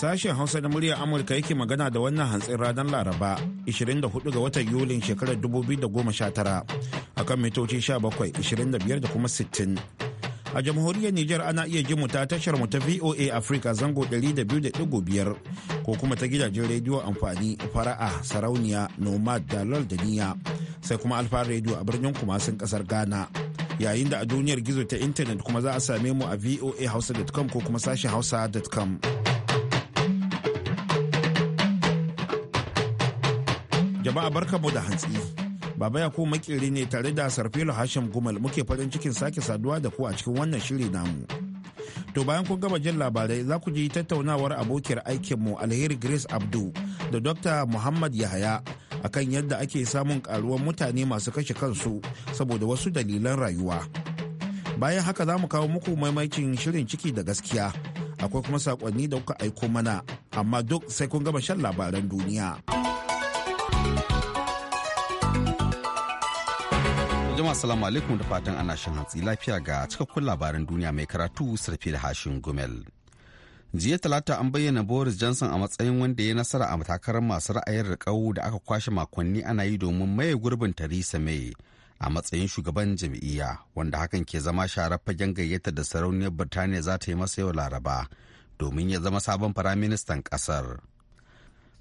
Sashen Hausa na murya Amurka yake magana da wannan hantsin ranar Laraba 24 ga watan Yulin shekarar 2019 akan mitoci 17, 25 da kuma 60. A jamhuriyar Nijar ana iya jin ta tashar mu ta VOA Africa zango 200.5 ko kuma ta gidajen rediyo amfani fara'a sarauniya nomad da lal da niya sai kuma alfa rediyo a birnin kumasin kasar Ghana. Yayin da a duniyar gizo ta intanet kuma za a same mu a voa hausa.com ko kuma sashen hausa.com. Jama'a barkanmu da hantsi. Baba Yakubu makiri ne tare da Sarfilo Hashim Gumal muke farin cikin sake saduwa da ku a cikin wannan shiri namu. To bayan kun gama jin labarai za ku ji tattaunawar abokiyar aikinmu Alheri Grace Abdu da Dr. Muhammad Yahaya akan yadda ake samun karuwar mutane masu kashe kansu saboda wasu dalilan rayuwa. Bayan haka za mu kawo muku maimakin shirin ciki da gaskiya. Akwai kuma sakonni da kuka aiko mana, amma duk sai kun gama shan labaran duniya. assalamu alaikum da fatan ana shan hantsi lafiya ga cikakkun labaran duniya mai karatu sarfi da hashin gumel. jiya talata an bayyana boris johnson a matsayin wanda ya nasara a matakarar masu ra'ayin rikau da aka kwashe makonni ana yi domin maye gurbin theresa may a matsayin shugaban jam'iyya wanda hakan ke zama sharar fagen gayyatar da sarauniyar birtaniya za ta yi masa yau laraba domin ya zama sabon firaministan kasar.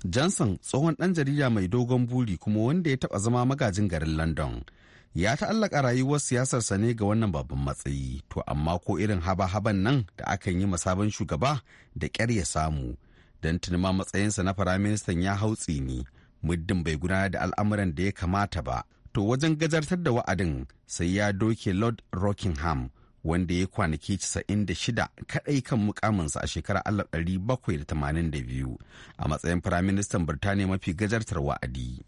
johnson tsohon dan jarida mai dogon buri kuma wanda ya taba zama magajin garin london ya ta'allaka rayuwar siyasarsa ne ga wannan babban matsayi to amma ko irin haba-haban nan da akan yi sabon shugaba da kyar ya samu don tunima matsayinsa na firaministan ya hau tsini muddin bai gudanar da al'amuran da ya kamata ba to wajen gajartar da wa'adin sai ya doke lord rockingham wanda ya kwanaki casa'in da shida kadai kan mukaminsa a shekarar biyu. a matsayin firaministan birtaniya mafi gajartar wa'adi.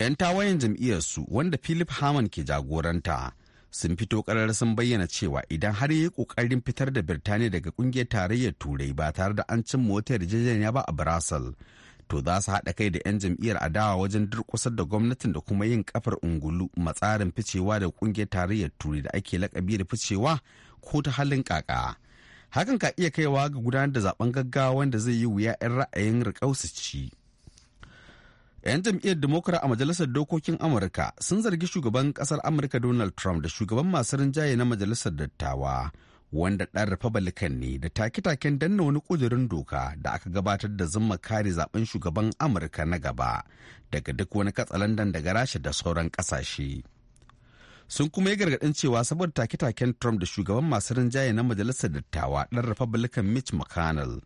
'Yan tawayen jam'iyyarsu wanda Philip Hammond ke jagoranta sun fito karar sun bayyana cewa idan har yi kokarin fitar da Birtaniya daga kungiyar tarayyar Turai ba tare da an cin motar yarjejeniya ba a Brussels. To za su haɗa kai da 'yan jam'iyyar adawa wajen durƙusar da gwamnatin da kuma yin kafar ungulu matsarin ficewa da kungiyar tarayyar Turai da ake lakabi da ficewa ko ta halin kaka. Hakan ka iya kaiwa ga gudanar da zaben gaggawa wanda zai yi wuya 'yan ra'ayin rikau su ci. 'Yan jam'iyyar Democrat a Majalisar Dokokin Amurka sun zargi shugaban kasar Amurka Donald Trump da shugaban masu rinjaye na Majalisar Dattawa, wanda ɗan Republican ne da take-taken danna wani ƙudurin doka da aka gabatar da zuma kare zaben shugaban Amurka na gaba daga duk wani katsalandan daga Rasha da sauran ƙasashe. Sun kuma yi gargaɗin cewa saboda take-taken Trump da shugaban masu rinjaye na Majalisar Dattawa ɗan Republican Mitch McConnell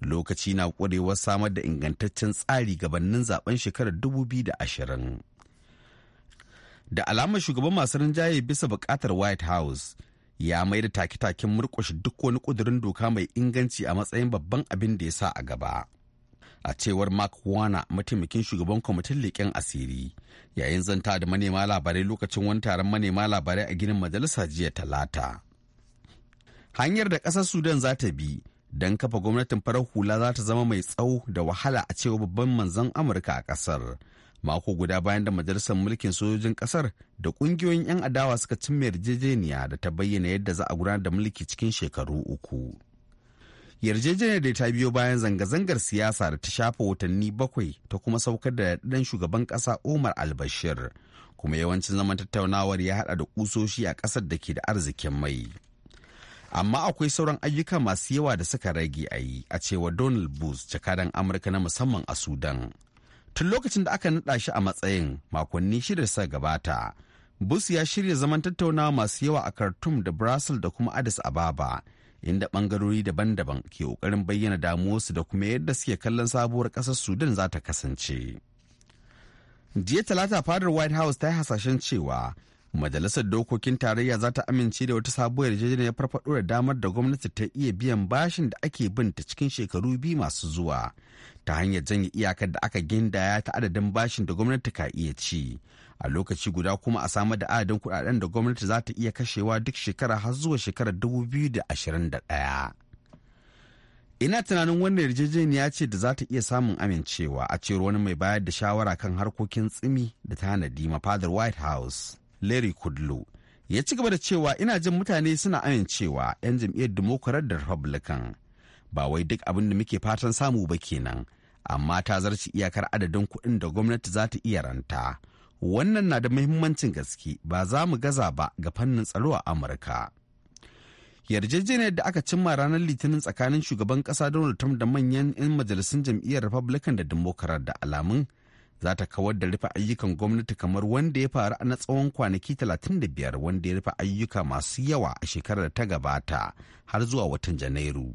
lokaci na ƙwarewar samar da ingantaccen tsari gabanin zaben shekarar 2020 da alamar shugaban masu rinjaye bisa bukatar white house ya mai da take-taken murƙushe duk wani ƙudurin doka mai inganci a matsayin babban abin da ya sa a gaba a cewar mark Warner mataimakin shugaban kwamitin leƙen asiri yayin zanta da manema labarai lokacin wani taron manema labarai a ginin majalisa jiya talata hanyar da ƙasar sudan za ta bi don kafa gwamnatin farar hula za ta zama mai tsawo da wahala a cewa babban manzan amurka a kasar mako guda bayan da majalisar mulkin sojojin kasar da kungiyoyin 'yan adawa suka cimma yarjejeniya da ta bayyana yadda za a gudanar da mulki cikin shekaru uku yarjejeniyar da ta biyo bayan zanga-zangar siyasa da ta shafa watanni bakwai ta kuma saukar da dan shugaban ƙasa umar albashir kuma yawancin zaman tattaunawar ya haɗa da kusoshi a ƙasar da ke da arzikin mai amma akwai sauran ayyuka masu yawa da suka rage a yi a cewa donald bush jakadan amurka na musamman a sudan tun lokacin da aka naɗa shi a matsayin makonni shida suka gabata bus ya shirya zaman tattaunawa masu yawa a khartoum da brussels da kuma addis ababa inda bangarori daban-daban ke kokarin bayyana damuwarsu da kuma yadda suke kallon sabuwar ƙasar sudan za ta kasance jiya talata fadar white house ta yi hasashen cewa majalisar dokokin tarayya za ta amince da wata sabuwar yarjejeniyar farfaɗo da damar da gwamnati ta iya biyan bashin da ake bin ta cikin shekaru biyu masu zuwa ta hanyar janye iyakar da aka gindaya ta adadin bashin da gwamnati ka iya ci a lokaci guda kuma a samar da adadin kuɗaɗen da gwamnati za ta iya kashewa duk shekara har zuwa shekarar ɗaya. ina tunanin wannan yarjejeniya ce da za ta iya samun amincewa a cewar wani mai bayar da shawara kan harkokin tsimi da tanadi mafadar white house larry kudlow ya ci gaba da cewa ina jin mutane suna amincewa 'yan jam'iyyar democrat da republican ba wai duk abin da muke fatan samu ba kenan amma ta zarci iyakar adadin kuɗin da gwamnati za ta iya ranta wannan na da muhimmancin gaske ba za mu gaza ba ga fannin tsaro a amurka yarjejeniyar da aka cimma ranar litinin tsakanin shugaban kasa donald trump da manyan 'yan majalisun jam'iyyar republican da democrat da alamun za ta kawar da rufe ayyukan gwamnati kamar wanda ya faru na tsawon kwanaki 35 wanda ya rufe ayyuka masu yawa a shekarar da ta gabata har zuwa watan janairu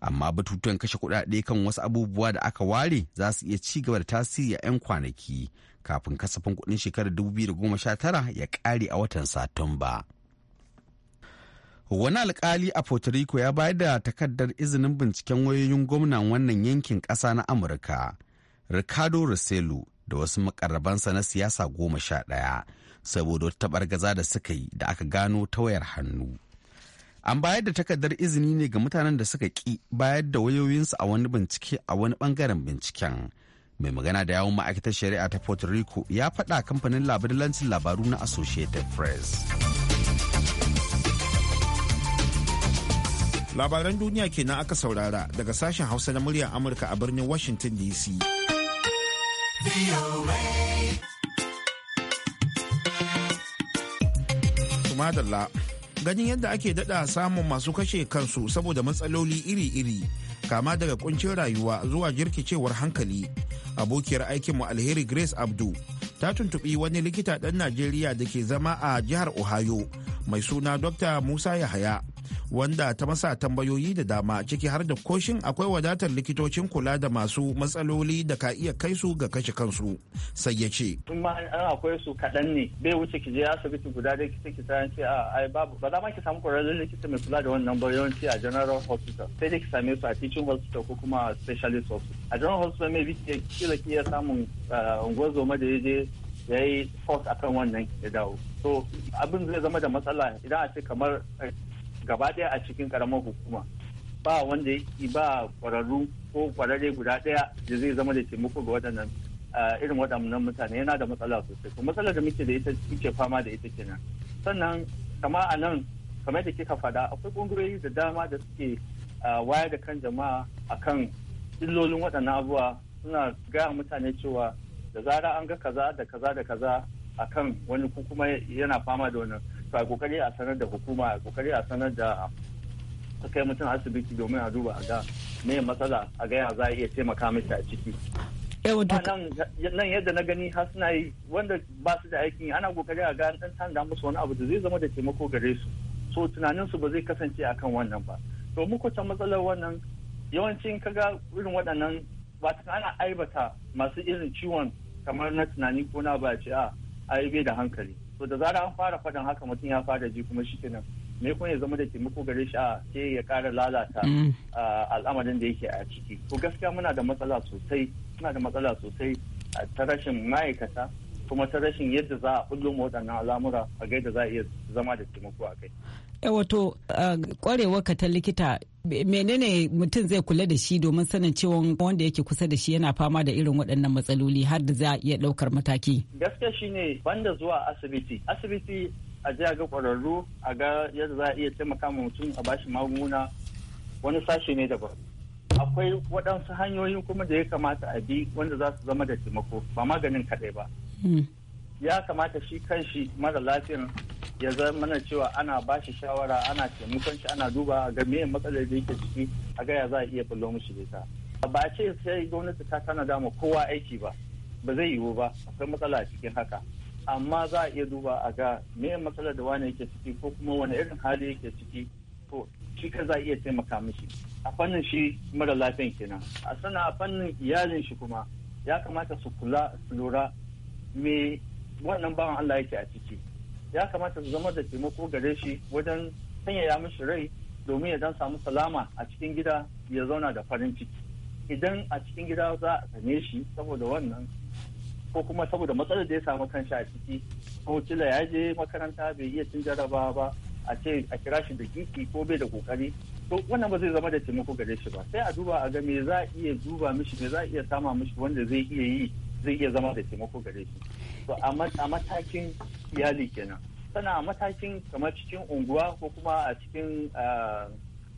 amma batutuwan kashe kudade kan wasu abubuwa da aka ware za su iya ci gaba da tasiri a 'yan kwanaki kafin kasafin kudin shekarar 2019 ya kare a watan satumba wani alkali a puerto rico ya bayar da takardar izinin binciken wayoyin gwamnan wannan yankin kasa na amurka ricardo rossello da wasu makarabansa na siyasa goma sha ɗaya saboda wata taɓargaza da suka yi da aka gano ta wayar hannu an bayar da takardar izini ne ga mutanen da suka ƙi bayar da wayoyinsu a wani bincike a wani bangaren binciken mai magana da yawon ma'aikatar shari'a ta puerto rico ya faɗa kamfanin labarlancin labaru na associated press labaran duniya kenan aka saurara daga sashen hausa na muryar amurka a birnin washington dc Madalla ganin yadda ake dada samun masu kashe kansu saboda matsaloli iri-iri kama daga kuncin rayuwa zuwa jirkicewar hankali abokiyar aikinmu alheri grace abdu ta tuntubi wani likita ɗan najeriya da ke zama a jihar ohio mai suna dr musa yahaya wanda ta masa tambayoyi da dama ciki har da koshin akwai wadatar likitocin kula da masu matsaloli da ka iya kai su ga kashe kansu sai ya ce tun ma an akwai su kaɗan ne bai wuce ki je asibiti guda dai ki ki san ce a ai babu ba za ma ki samu kwararren likita mai kula da wannan ba yawanci a general hospital sai dai ki same su a teaching hospital ko kuma specialist hospital a general hospital mai bi kila ki iya samun eh, ungozoma da ya je ya yi force akan wannan ya dawo so abin zai zama da matsala idan a ce kamar eh, gaba ɗaya a cikin karamar hukuma ba wanda yake ba kwararru ko kwararre guda ɗaya da zai zama da taimako ga waɗannan irin waɗannan mutane yana da matsala sosai to matsalar da muke da ita muke fama da ita kenan sannan kama a nan kamar da kika faɗa akwai ƙungiyoyi da dama da suke wayar da kan jama'a akan illolin waɗannan abubuwa suna gaya mutane cewa da zara an ga kaza da kaza da kaza akan wani kuma yana fama da wannan a kokari a sanar da hukuma a kokari a sanar da ta kai mutum asibiti domin a duba a ga me matsala a ga ya za a iya taimaka mishi a ciki nan yadda na gani har suna yi wanda ba su da aikin ana kokari a ga dan tanda musu wani abu da zai zama da taimako gare su so tunanin su ba zai kasance akan wannan ba to mu kwata matsalar wannan yawancin kaga irin waɗannan ba ta ana aibata masu irin ciwon kamar na tunani ko na ba ce a ah, ai bai da hankali to da zarar an fara faɗin haka mutum ya fara ji kuma shi kenan me kun ya zama da taimako gare shi a ke ya kara lalata mm. al'amarin da yake a ciki ko gaskiya muna da matsala sosai muna da matsala sosai ta rashin ma'aikata kuma ta rashin yadda za a bullo ma waɗannan al'amura a gaida za a iya zama da taimako a kai. E wato ka ta likita menene mutum zai kula da shi domin sanin cewa wanda yake kusa da shi yana fama da irin waɗannan matsaloli har da za a iya ɗaukar mataki gaskiya shine banda zuwa asibiti asibiti a je a ga ƙwararru a ga yadda za a iya taimaka ma mutum a bashi magunguna wani sashe ne daban akwai waɗansu hanyoyi kuma da ya kamata a bi wanda za su zama da taimako ba maganin kaɗai ba hmm. ya kamata shi kan shi mara lafiyar. ya zama cewa ana ba shi shawara ana taimakon shi ana duba ga me matsalar da yake ciki a ga ya za a iya bullo mushi da ita ba a ce sai gwamnati ta tana dama kowa aiki ba ba zai yiwu ba akwai matsala a cikin haka amma za a iya duba a ga me matsalar da wani yake ciki ko kuma wani irin hali yake ciki to shi ka za a iya taimaka mishi a fannin shi mara lafiyan kenan a sana a fannin iyalin shi kuma ya kamata su kula su lura me wannan bawan Allah yake a ciki ya kamata su zama da taimako gare shi wajen sanyaya mishi rai domin ya dan samu salama a cikin gida ya zauna da farin ciki idan a cikin gida za a same shi saboda wannan ko kuma saboda matsalar da ya samu kan kanshi a ciki ko kila ya je makaranta bai iya cin jarabawa ba a ce a kira shi da kiki ko bai da kokari to wannan ba zai zama da taimako gare shi ba sai a duba a ga me za a iya duba mishi me za a iya sama mishi wanda zai iya yi zai iya zama da taimako gare shi a matakin iyali kenan sana a matakin kamar cikin unguwa ko kuma a cikin ah,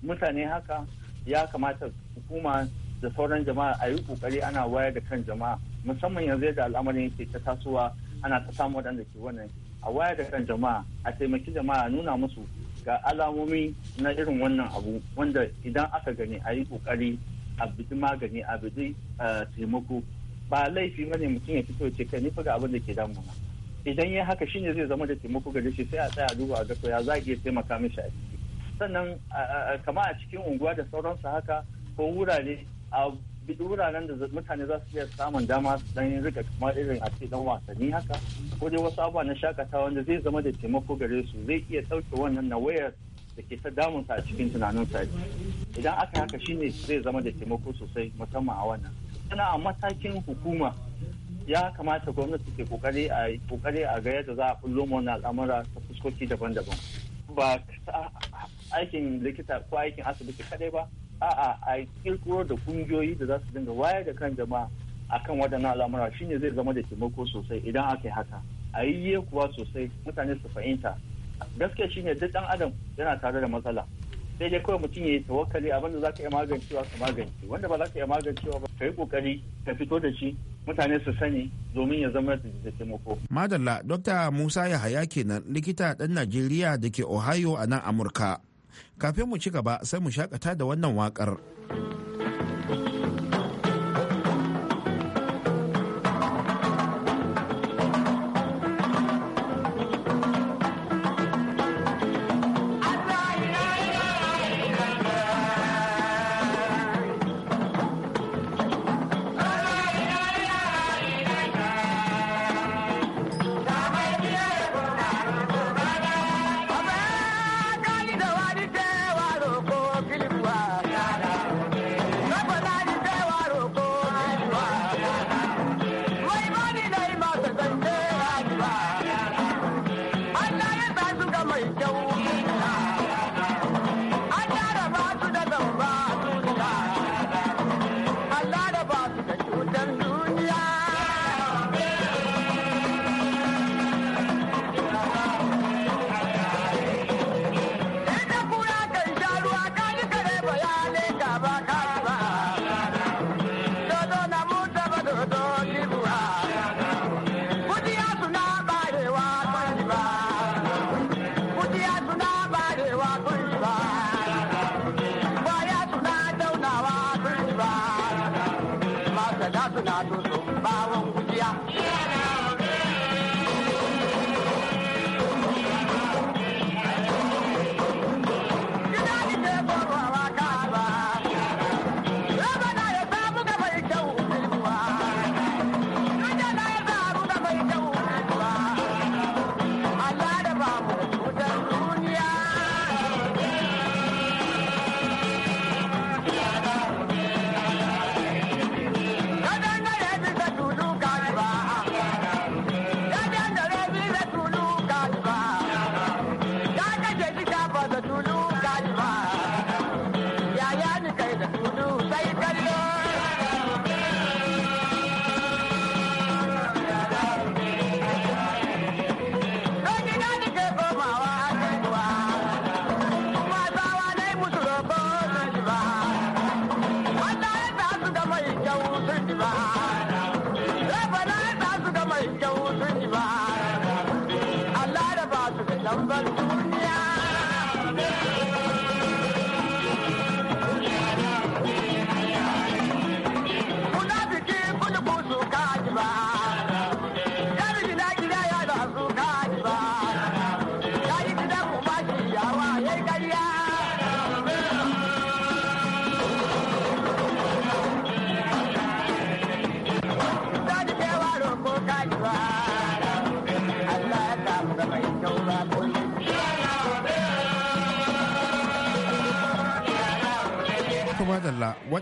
mutane haka ya kamata hukuma da sauran jama'a a yi kokari ana wayar da kan jama'a musamman yanzu da al'amarin yake ta tasowa ana ta samu waɗanda ke wannan a wayar da kan jama'a a taimaki jama'a a nuna musu ga alamomi na irin wannan abu wanda idan aka gani a yi kokari a bidi magani a bidi ah, taimako ba laifi ba ne mutum ya fito ce kai ni ga abin da ke damuna idan ya haka shine zai zama da taimako gare shi sai a tsaya duba a ga ya za ya taimaka mishi a ciki sannan kama a cikin unguwa da sauransu haka ko wurare a wuraren da mutane za su iya samun dama dan yin rika kamar irin a ce dan wasanni haka ko dai wasu abubuwa na shakatawa wanda zai zama da taimako gare su zai iya sauke wannan na wayar da ke ta damunsa a cikin tunanin tunaninsa idan aka haka shine zai zama da taimako sosai musamman a wannan tana a matakin hukuma ya kamata gwamnati ke kokari a kokari a ga yadda za a bullo mana al'amura ta fuskoki daban-daban ba aikin likita ko aikin asibiti kadai ba a'a a kirkiro da kungiyoyi da za su dinga wayar da kan jama'a akan waɗannan al'amura shine zai zama da taimako sosai idan aka yi haka a yi kuwa sosai mutane su fahimta gaskiya shine duk dan adam yana tare da matsala sai dai kawai mutum ya yi tawakkali abin da za ka iya magancewa ka magance wanda ba za ka iya magancewa ba ka yi kokari ka fito da shi mutane su sani domin ya zama da taimako. Madalla Dr. Musa Yahaya kenan likita ɗan Najeriya da ke Ohio a nan Amurka. Kafin mu ci gaba sai mu shakata da wannan wakar.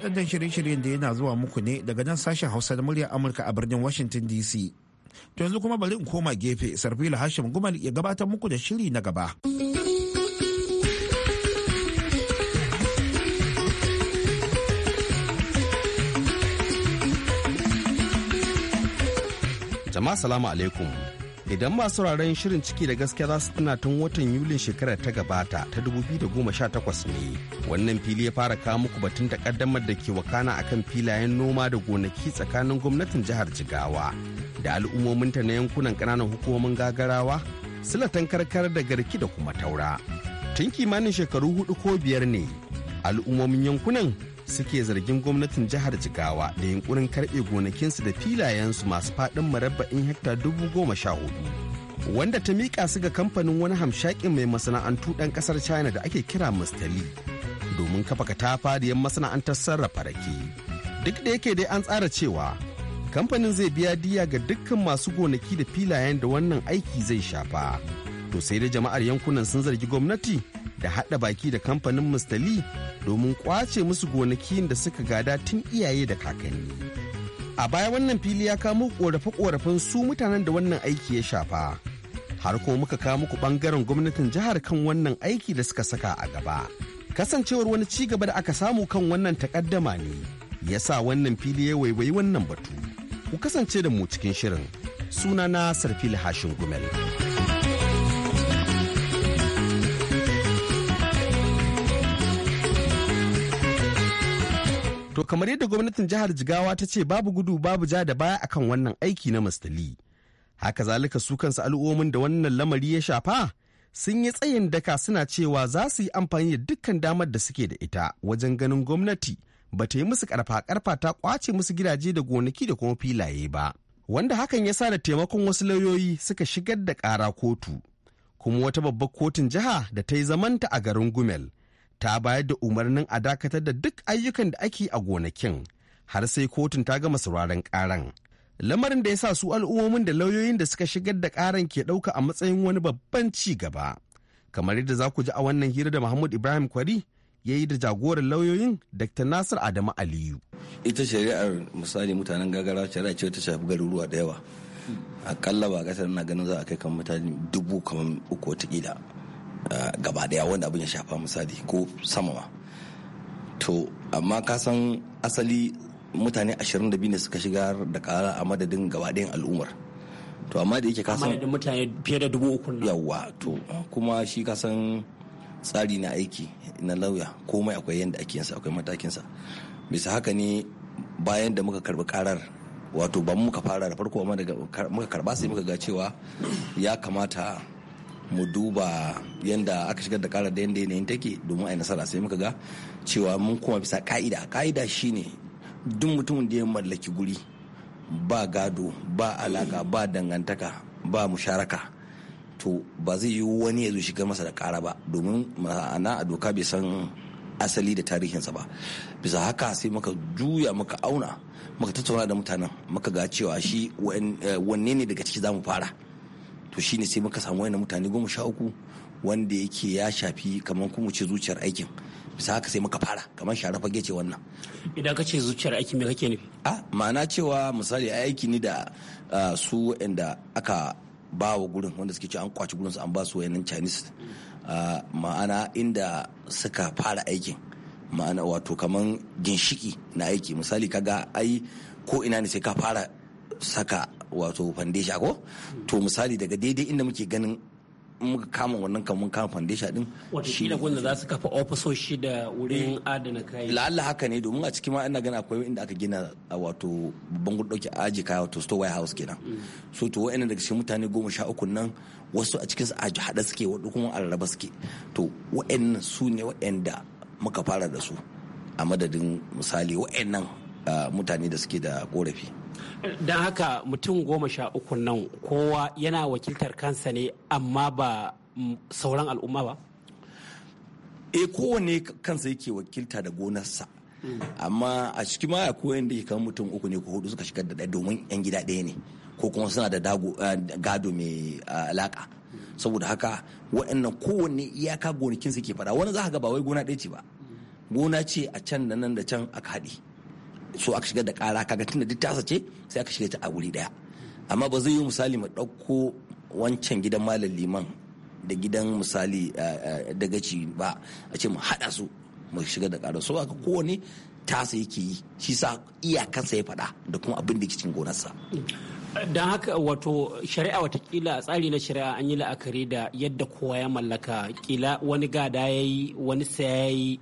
waɗannan shirye-shiryen da yana zuwa muku ne daga nan sashen hausa da muryar amurka a birnin washington dc to yanzu kuma bari in koma gefe sarfila hashim gumal ya gabatar muku da shiri na gaba jama'a salamu alaikum idan masu sauraron shirin ciki da gaskiya za su tuna tun watan yulin shekarar ta gabata ta 2018 ne wannan fili ya fara kawo muku batun takaddamar da ke wakana akan filayen noma da gonaki tsakanin gwamnatin jihar jigawa da al'ummominta na yankunan kananan hukumomin gagarawa silatan karkar da garki da kuma taura tun kimanin shekaru hudu ko biyar ne al'ummomin yankunan suke zargin gwamnatin jihar Jigawa da yunkurin karɓe gonakinsu da filayensu masu faɗin marabba'in hekta dubu goma sha hudu. Wanda ta miƙa su ga kamfanin wani hamshakin mai masana'antu ɗan ƙasar China da ake kira Mr. domin kafa katafariyar masana'antar sarrafa rake. Duk da yake dai an tsara cewa kamfanin zai biya diya ga dukkan masu gonaki da filayen da wannan aiki zai shafa. To sai da jama'ar yankunan sun zargi gwamnati da haɗa baki da kamfanin mustali. domin ƙwace musu gonakin da suka gada tun iyaye da kakanni. A baya wannan fili ya kamo ƙorafe-ƙorafen su mutanen da wannan aiki ya shafa. Har ko muka kawo muku ɓangaren gwamnatin jihar kan wannan aiki da suka saka a gaba. Kasancewar wani ci gaba da aka samu kan wannan takaddama ne, ya sa wannan fili ya waiwayi wannan batu. Ku kasance da mu cikin shirin. Sunana Sarfil Hashin Gumel. To kamar yadda gwamnatin jihar Jigawa ta ce babu gudu babu ja da baya akan wannan aiki na Mastali. Haka zalika su kansu al'ummomin da wannan lamari ya shafa sun yi tsayin daka suna cewa za su yi amfani da dukkan damar da suke da ita wajen ganin gwamnati ba ta yi musu karfa-karfa ta kwace musu gidaje da gonaki da kuma filaye ba. Wanda hakan ya sa da taimakon wasu lauyoyi suka shigar da ƙara kotu. Kuma wata babbar kotun jiha da ta yi zamanta a garin Gumel. ta bayar da umarnin a dakatar da duk ayyukan da ake a gonakin har sai kotun ta gama sauraron karan lamarin da ya sa su al'ummomin da lauyoyin da suka shigar da karan ke ɗauka a matsayin wani babban ci gaba kamar yadda za ku ji a wannan hira da muhammad ibrahim kwari ya yi da jagoran lauyoyin dr nasir adamu aliyu ita shari'ar misali mutanen gagara shari'a ce ta shafi garuruwa da yawa akalla ba kasar na ganin za a kai kan mutane dubu kamar uku watakila gaba daya wanda abin ya shafa misali ko sama ma to amma ka san asali mutane 22 ne suka shigar da kara a madadin gaba dayan al'ummar to amma da yake kasan san madadin mutane fiye da dubu uku yawa to kuma shi ka san tsari na aiki na lauya komai akwai yadda ake yinsa akwai matakinsa bisa haka ne bayan da muka karbi karar wato ba muka fara da farko amma daga muka karba sai muka ga cewa ya kamata mu duba yadda aka shigar da karar da yadda yanayin take domin a nasara sai muka ga cewa mun kuma bisa ka'ida ka'ida shine duk mutumin da ya mallaki guri ba gado ba alaka ba dangantaka ba musharaka to ba zai yi wani ya zo shigar masa da kara ba domin ma'ana a doka bai san asali da tarihinsa ba bisa haka sai muka juya muka auna muka tattauna da mutanen muka ga cewa shi eh, wanne ne daga ciki za mu fara to shine sai muka samu wani mutane goma sha uku wanda yake ya shafi kamar kuma ce zuciyar aikin bisa haka sai muka fara kamar shara fage ce wannan idan ka ce zuciyar aikin me kake nufi a ah, ma'ana cewa misali aiki ne da ah, su inda aka ba wa gurin wanda suke ce an kwaci gurin su an ba su wayannan chinese ah, ma'ana inda suka fara aikin ma'ana wato kamar ginshiki na aiki misali kaga ai ko ina ne sai ka fara saka wato foundation ko to misali daga daidai inda muke ganin muka kama wannan kamun kama foundation din shi ne wanda za su kafa ofisoshi da wurin eh. adana kayi la'alla haka ne domin a cikin ma ina gana akwai inda aka gina wato babban gudu dauki aji kaya wato store warehouse kenan mm. so to wa'annan daga cikin mutane goma sha uku nan wasu a cikin su aji hada suke wadu kuma a rarraba suke to wa'annan su ne wa'anda muka fara da su a madadin misali wa'annan ah, mutane da suke da korafi don haka mutum goma sha uku nan kowa yana wakiltar kansa ne amma ba mm, sauran al'umma ba e eh, kowane kansa yake wakilta da gonarsa amma a cikin ma akwai yadda kan mutum uku ne ko hudu suka shigar da ɗaya domin yan gida ɗaya ne ko kuma suna da eh, gado mai eh, alaka saboda haka waɗannan kowanne iyaka gonakin suke fada wani za ka ga ba wai gona ɗaya ce ba gona ce a can da nan da can aka haɗe so aka shigar da kara kaga tunda duk tasa ce sai aka shiga ta a wuri daya amma ba zai yi misali mu ɗauko wancan gidan malam liman da gidan misali eh, eh, dagaci ba a ce mu haɗa su mu shiga da ƙara so aka kowane tasa yake yi shi sa iyakansa ya faɗa da kuma abin da ke cikin gonarsa don haka wato shari'a watakila a tsari na shari'a an yi la'akari da yadda kowa ya mallaka kila wani gada ya yi wani saya ya yi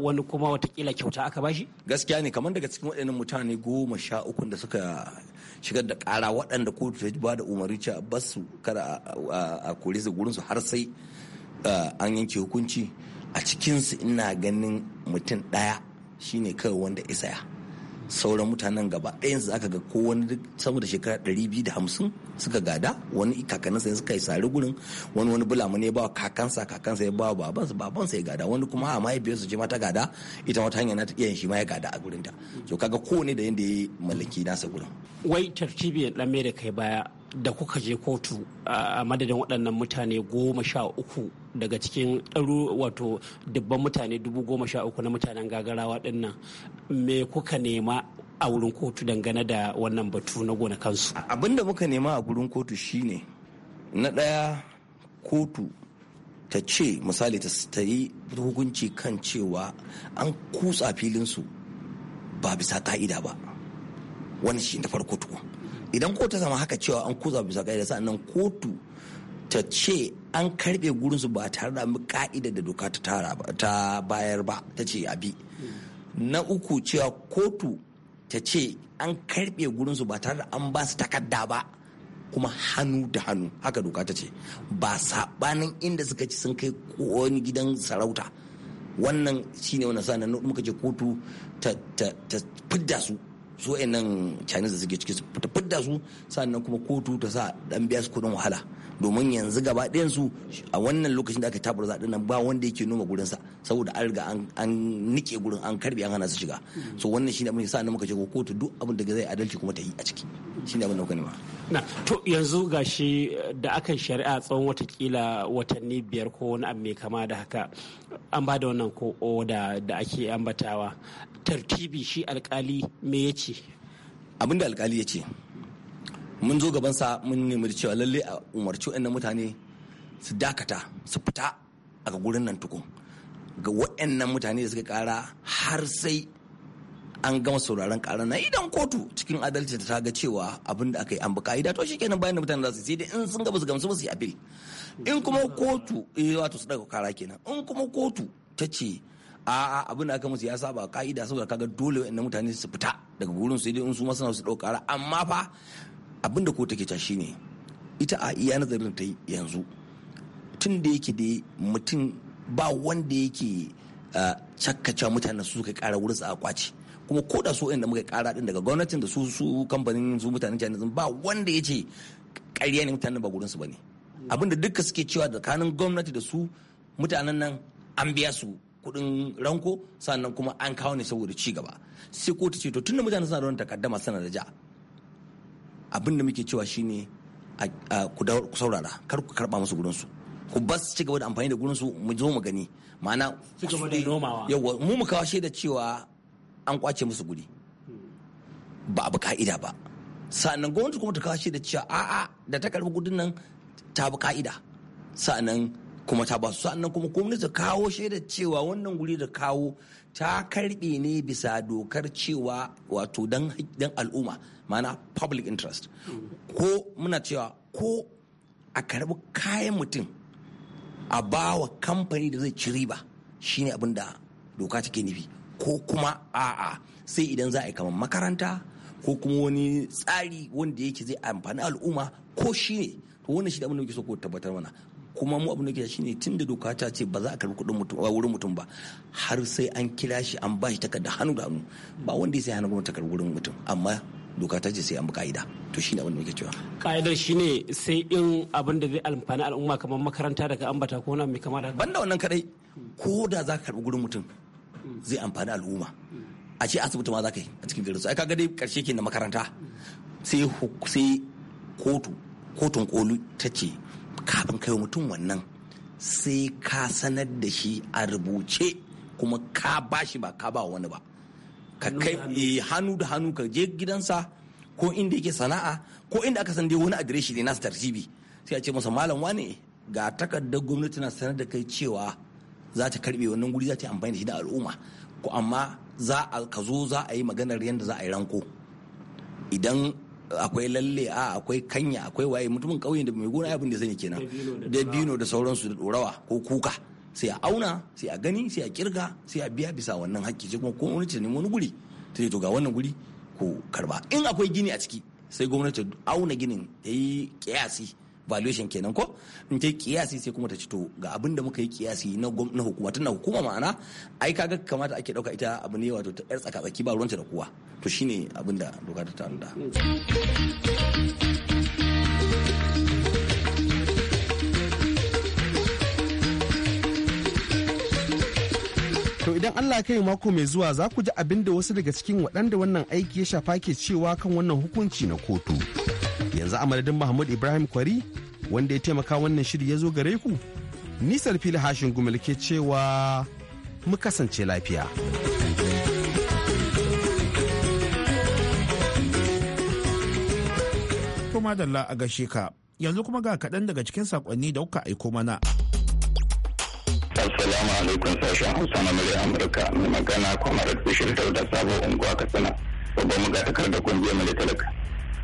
wani kuma watakila kyauta aka bashi gaskiya ne kamar daga cikin waɗannan mutane goma sha uku da suka shigar da ƙara waɗanda kotu ta ba da umarni a basu kada a kore su gurin su har sai an yanke hukunci a cikinsu ina ganin mutum ɗaya shine kawai wanda isaya sauran mutanen gaba su aka ga ko wani sama da shekara 250 suka gada wani kakanninsa suka yi sari gurin wani wani bulamu ne ba kakansa kakansa ya ba babansa babansa ya gada wani kuma a mahaifiyarsa ce mata gada ita wata hanya na ta iyayen shi ma ya gada a gurin ta to kaga kowane da yanda ya mallaki nasa gurin wai tartibi ya ɗan da kai baya da kuka je kotu a madadin waɗannan mutane goma sha uku daga cikin ɗaru wato dubban mutane dubu goma sha uku na mutanen gagarawa nan me kuka nema a wurin kotu dangane da wannan batu na kansu abin da muka nema a gurin kotu shine na ɗaya kotu ta ce misali ta yi hukunci kan cewa an kutsa filinsu ba bisa ka'ida ba wani shi na farko tukun idan kotu ta zama haka cewa an kutsa bisa ka'ida sa'annan kotu ta ce an karbe gurinsu ba tare da ka'ida da doka ta bayar ba ta ce abi na uku cewa kotu ta ce an karɓe gurinsu ba tare da an ba su takarda ba kuma hannu da hannu haka doka ta ce ba saɓanin inda suka ci sun kai wani gidan sarauta wannan shine wannan sa na muka ce kotu ta fidda su su nan chinese da suke ciki su fita su sannan kuma kotu ta sa dan biya su kudin wahala domin yanzu gaba ɗayan su a wannan lokacin da aka tabar zaɓen nan ba wanda yake noma gurin sa saboda an riga an nike gurin an karbe an hana su shiga so wannan shine abin sa muka ce ko kotu duk abin da zai adalci kuma ta yi a ciki shine abin da muka nema na to yanzu gashi eh, da aka shari'a tsawon watakila watanni biyar ko wani abu mai kama da haka an ba da wannan ko oda da ake ambatawa tartibi shi alkali me ya ce abinda alkali ya ce mun zo gabansa mun nemi da cewa lalle a umarci waɗannan mutane su dakata su fita a ga gurin nan tukun ga wa'annan mutane da suka kara har sai an gama sauraron kara na idan kotu cikin adalci ta ga cewa abin da aka yi an bi ka'ida to shikenan bayan da mutane za su sai dai in sun gaba su gamsu ba su yi appeal in kuma kotu eh wato su daga kara kenan in kuma kotu ta ce a'a abin da aka musu ya saba ka'ida saboda kaga dole wa'annan mutane su fita daga gurin su dai in su ma suna su ɗaukara amma fa abin da ko take ta shine ita a iya nazarin ta yanzu tun da yake da mutum ba wanda yake cakkacewa mutanen su suka kara wurin a kwaci kuma ko da su inda muka kara din daga gwamnatin da su su kamfanin su mutanen China ba wanda ya ce ƙarya ne mutanen ba gurin su bane abinda duka suke cewa da kanin gwamnati da su mutanen nan an biya su kuɗin ranko sannan kuma an kawo ne saboda ci gaba sai kotu ce to tunda mutane suna da wani takaddama sana da ja abin da muke cewa shine ku saurara kar ku karba musu gurinsu ku bas ci gaba da amfani da gurinsu mu zo mu gani ma'ana yawa mu mu kawo shaida cewa an kwace musu guri hmm. ba abu ka'ida ba sa'annan gwamnati kuma ta kawo shaida cewa a'a da ta karbi gudun nan ta bi ka'ida sa'annan kuma ta ba su sannan kuma gwamnati kawo shaidar cewa wannan guri da kawo ta karbe ne bisa dokar cewa wato dan dan al'umma mana public interest ko muna cewa ko a karbi kayan mutum a bawa kamfani da zai ci riba shine abin da doka take nufi ko kuma a'a sai idan za a yi kamar makaranta ko kuma wani tsari wanda yake zai amfani al'umma ko shi ne to wannan shi da abin da muke so ko tabbatar mana kuma mu abu na gida shine da doka ta ce ba za a karbi kuɗin mutum ba wurin mutum ba har sai an kira shi an ba shi takarda hannu da hannu ba wanda ya sai hannu gwamnati takardar wurin mutum amma doka ta ce sai an bi ka'ida to shine abin da muke cewa ka'idar shine sai in abin da zai amfani al'umma kamar makaranta daga ambata ko na mai kama da banda wannan kadai ko da za ka karbi gurin mutum zai amfani al'umma a ce asibiti ma za ka yi a cikin garin su ai ga dai karshe ke na makaranta sai sai kotu kotun koli ta ce kafin kai mutum wannan sai ka sanar da shi a rubuce kuma ka ba shi ba ka ba wani ba ka kai eh, hannu da hannu ka je gidansa ko inda yake sana'a ko inda aka san dai wani adireshi ne nasu tarzibi sai a ce masa malam wane ga takardar gwamnati na sanar da kai cewa za ta karbe wannan guri za ta amfani da shi da al'umma ko amma za a ka zo za a yi maganar yadda za a yi ranko idan akwai lalle a akwai kanya akwai waye mutumin ƙauyen da mai gona abin da zai kenan dabino da sauransu da dorawa ko kuka sai a auna sai a gani sai a kirga sai a biya bisa wannan hakki sai kuma wani ce nemi wani guri ta ce to ga wannan guri ko karba in akwai gini a ciki sai gwamnati auna ginin ta yi kiyasi valuation kenan ko in ta kiyasi sai kuma ta ci to ga abin da muka yi kiyasi na gwamnati hukuma tana hukuma ma'ana ai kaga kamata ake dauka ita abu ne wato ta yar tsaka baki ba ruwanta da kowa to shine abin da doka ta tanda To idan Allah kai mako mai zuwa za ku ji abin da wasu daga cikin waɗanda wannan aiki ya shafa ke cewa kan wannan hukunci na kotu. yanzu a madadin mahmud ibrahim kwari wanda ya taimaka wannan shiri ya zo gare ku nisar fili hashin gumel ke cewa mu kasance lafiya kuma da a gashe ka yanzu kuma ga kaɗan daga cikin saƙonni da kuka aiko mana Assalamu alaikum sashen Hausa na murya Amurka mai magana kuma da Bishir da Sabo Unguwa Katsina babban ga takardar kungiyar Mali Talaka.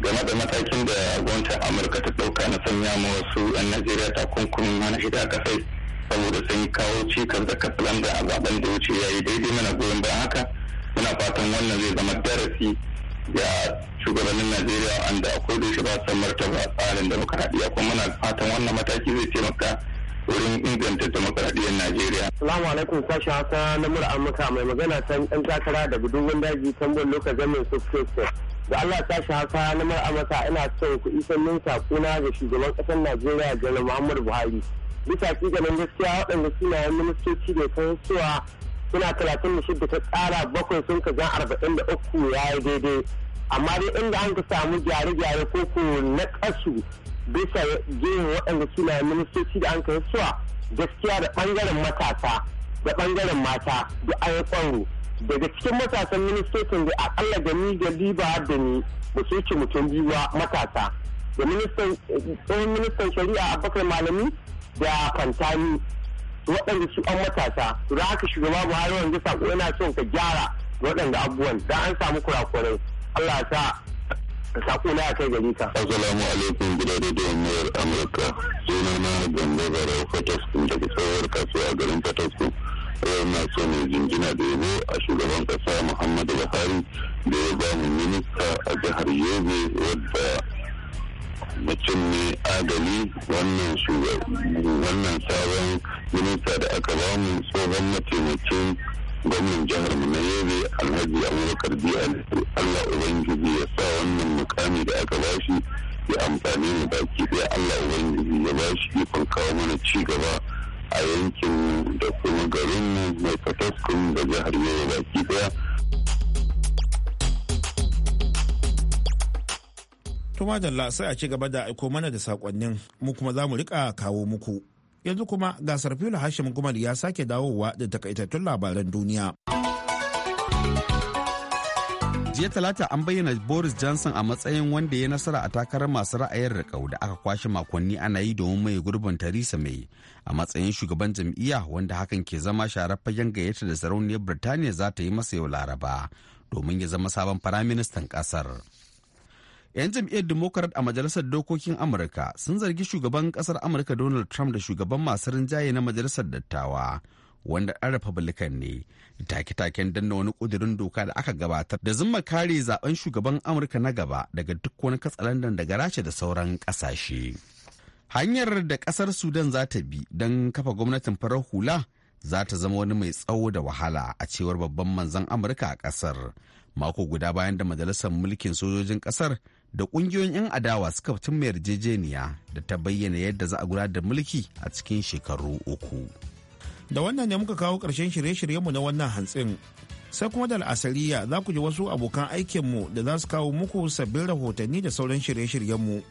game da matakin da gwamnatin amurka ta dauka na sanya ma wasu 'yan najeriya takunkumin hana shiga kasai saboda sun kawo cikar da kafilan a zaben da wuce ya yi daidai mana goyon bayan haka muna fatan wannan zai zama darasi ga shugabannin najeriya wanda da shi ba martaba tsarin da muka haɗiya kuma muna fatan wannan mataki zai taimaka wurin inganta demokradiyyar Najeriya. Salamu alaikum sashi haka na mura Amurka mai magana ta ɗan takara da gudugun daji tambon lokacin mai sufkese. Da Allah sashi haka na mura Amurka ina son ku isan min sakuna ga shugaban ƙasar Najeriya Janar Muhammadu Buhari. Bisa ganin gaskiya waɗanda sunayen ministoci da kan suwa suna talatin da shida ta tsara bakwai sun ka ga arba'in da uku ya yi daidai. Amma dai inda an ka samu gyare-gyare ko ko na ƙasu bisa gehen waɗanda suna ministoci da an kai suwa gaskiya da ɓangaren matasa da ɓangaren mata da an daga cikin matasan ministocin da akalla da ni da liba da ni ba su ce mutum biyu ba matasa da ministan ministan shari'a abubakar malami da fantani waɗanda su an matasa to da haka shugaba buhari wanda sako yana son ka gyara waɗanda abubuwan da an samu kurakurai allah sa sako na kai gari ka assalamu alaikum gidan rediyon muryar amurka sunana gambo barau fataskun daga tsohuwar kasuwa garin fataskun yau na so ne jinjina da yabo a shugaban kasa muhammadu buhari da ya ba mu minista a jihar yobe wadda mutum ne adali wannan wannan sabon minista da aka ba mu tsohon mataimakin gwamnan jihar mu na yobe alhaji abubakar biya allah ubangiji ya sa wannan mukami da aka bashi ya amfani mu baki ɗaya allah ubangiji ya bashi ikon kawo mana ci gaba a yankin da kuma garinmu mai fataskun da jihar yobe baki ɗaya tuma madalla sai a ci gaba da aiko mana da sakonnin mu kuma za mu riƙa kawo muku. yanzu kuma gasar filo hashim gumal ya sake dawowa da takaitattun labaran duniya jiya talata an bayyana boris johnson a matsayin wanda ya nasara a takarar masu ra'ayin rikau da aka kwashe makonni ana yi domin mai gurbin theresa mai a matsayin shugaban jam'iyya wanda hakan ke zama sharar fagen gayyata da sarauniyar birtaniya za ta yi masa yau laraba domin ya zama sabon firaministan ƙasar. kasar 'Yan jam'iyyar Democrat a Majalisar Dokokin Amurka sun zargi shugaban kasar Amurka Donald Trump da shugaban masu rinjaye na Majalisar Dattawa, wanda ɗan Republican ne, da take-taken danna wani ƙudurin doka da aka gabatar da zuma kare zaben shugaban Amurka na gaba daga duk wani katsalandan daga Rasha da sauran ƙasashe. Hanyar da ƙasar Sudan za ta bi don kafa gwamnatin farar hula za ta zama wani mai tsawo da wahala a cewar babban manzan Amurka a ƙasar. Mako guda bayan da majalisar mulkin sojojin ƙasar da ƙungiyoyin 'yan adawa suka fitin mai yarjejeniya da ta bayyana yadda za a gudanar da mulki a cikin shekaru uku. Da wannan ne muka kawo ƙarshen shirye-shiryenmu na wannan hantsin. Sai kuma da al'asariya za ku ji wasu abokan aikinmu da za su kawo muku sabbin rahotanni da sauran shirye-shiryenmu.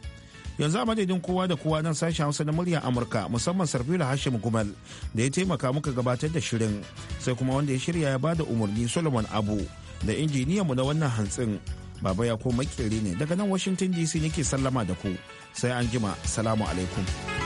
yanzu a madadin kowa da kowa nan sashen hausa na muryar amurka musamman sarfila hashim gumal da ya taimaka muka gabatar da shirin sai kuma wanda ya shirya ya bada umarni solomon abu da injiniyanmu na wannan hantsin Baba ya ko makere ne daga nan Washington DC nake sallama da ku sai an jima salamu alaikum.